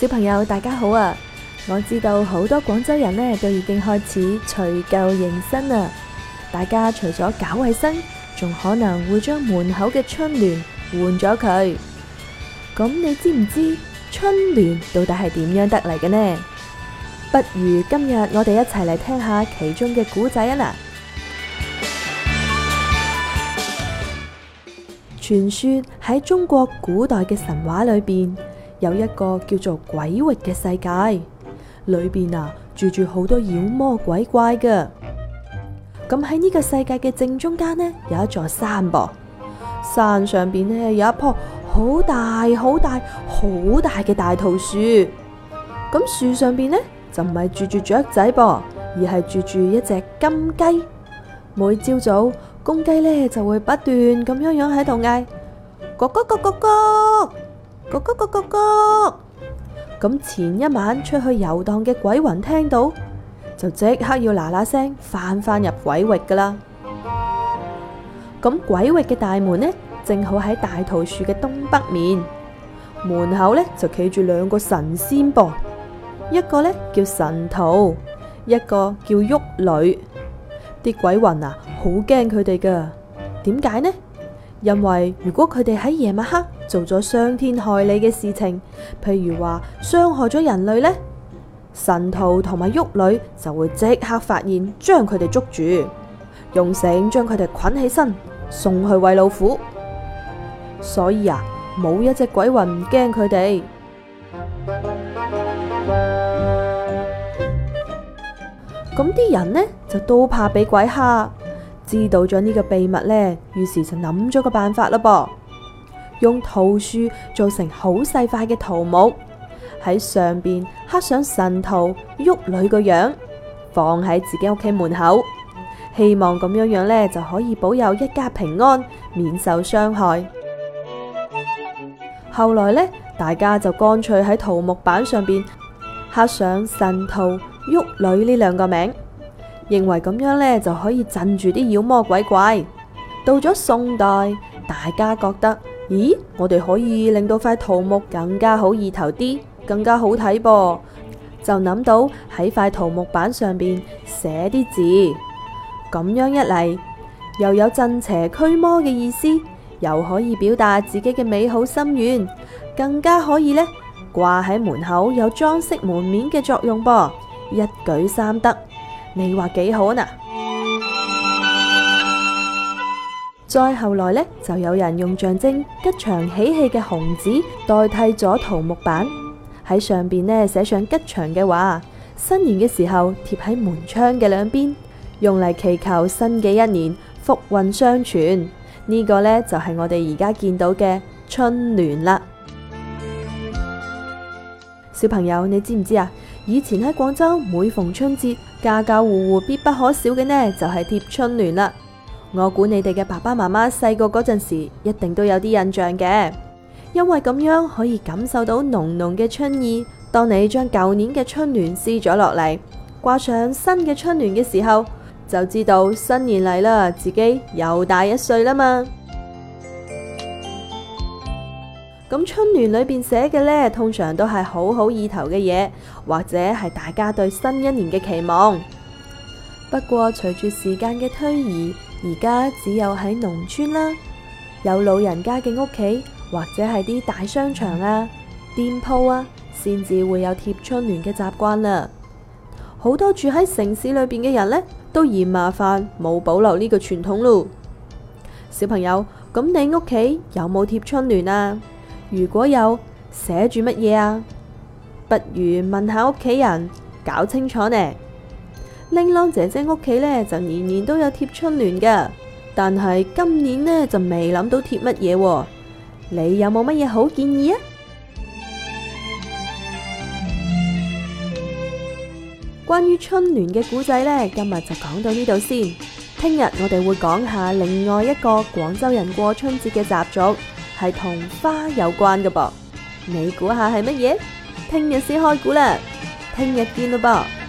小朋友，大家好啊！我知道好多廣州人呢，都已經開始除舊迎新啦。大家除咗搞衛生，仲可能會將門口嘅春聯換咗佢。咁你知唔知春聯到底係點樣得嚟嘅呢？不如今日我哋一齊嚟聽下其中嘅古仔啊！嗱，傳說喺中國古代嘅神話裏邊。有一個叫做鬼域嘅世界，裏邊啊住住好多妖魔鬼怪嘅。咁喺呢個世界嘅正中間呢，有一座山噃，山上邊呢有一棵好大好大好大嘅大桃樹。咁樹上邊呢就唔係住住雀仔噃，而係住住一隻金雞。每朝早，公雞呢就會不斷咁樣樣喺度嗌：咕咕咕咕咕。咕咕咕咕咕！咁前一晚出去遊蕩嘅鬼魂聽到，就即刻要嗱嗱聲返返入鬼域噶啦。咁鬼域嘅大門呢，正好喺大桃樹嘅東北面，門口呢就企住兩個神仙噃，一個呢叫神荼，一個叫玉女。啲鬼魂啊，好驚佢哋噶。點解呢？因為如果佢哋喺夜晚黑。做咗傷天害理嘅事情，譬如話傷害咗人類呢，神徒同埋玉女就會即刻發現，將佢哋捉住，用繩將佢哋捆起身，送去餵老虎。所以啊，冇一隻鬼魂唔驚佢哋。咁啲人呢就都怕俾鬼吓，知道咗呢個秘密呢，於是就諗咗個辦法啦噃。用桃樹做成好細塊嘅桃木，喺上邊刻上神徒鬱女個樣，放喺自己屋企門口，希望咁樣樣咧就可以保佑一家平安，免受傷害。後來呢，大家就乾脆喺桃木板上邊刻上神徒鬱女呢兩個名，認為咁樣呢就可以鎮住啲妖魔鬼怪。到咗宋代，大家覺得。咦，我哋可以令到塊桃木更加好意頭啲，更加好睇噃。就諗到喺塊桃木板上邊寫啲字，咁樣一嚟又有鎮邪驅魔嘅意思，又可以表達自己嘅美好心願，更加可以呢掛喺門口有裝飾門面嘅作用噃，一舉三得。你話幾好啊？再後來呢，就有人用象徵吉祥喜氣嘅紅紙代替咗桃木板，喺上邊呢寫上吉祥嘅話，新年嘅時候貼喺門窗嘅兩邊，用嚟祈求新嘅一年福運相傳。呢個呢，就係我哋而家見到嘅春聯啦。小朋友，你知唔知啊？以前喺廣州，每逢春節，家家戶戶必不可少嘅呢，就係貼春聯啦。我估你哋嘅爸爸媽媽細個嗰陣時，一定都有啲印象嘅，因為咁樣可以感受到濃濃嘅春意。當你將舊年嘅春聯撕咗落嚟，掛上新嘅春聯嘅時候，就知道新年嚟啦，自己又大一歲啦嘛。咁春聯裏邊寫嘅呢，通常都係好好意頭嘅嘢，或者係大家對新一年嘅期望。不過隨住時間嘅推移，而家只有喺農村啦，有老人家嘅屋企或者係啲大商場啊、店鋪啊，先至會有貼春聯嘅習慣啦。好多住喺城市裏邊嘅人呢，都嫌麻煩，冇保留呢個傳統咯。小朋友，咁你屋企有冇貼春聯啊？如果有，寫住乜嘢啊？不如問下屋企人，搞清楚呢？玲瓏姐姐屋企咧就年年都有貼春聯噶，但係今年呢，就未諗到貼乜嘢。你有冇乜嘢好建議啊？關於春聯嘅古仔呢，今日就講到呢度先。聽日我哋會講下另外一個廣州人過春節嘅習俗，係同花有關嘅噃。你估下係乜嘢？聽日先開估啦，聽日見喇噃。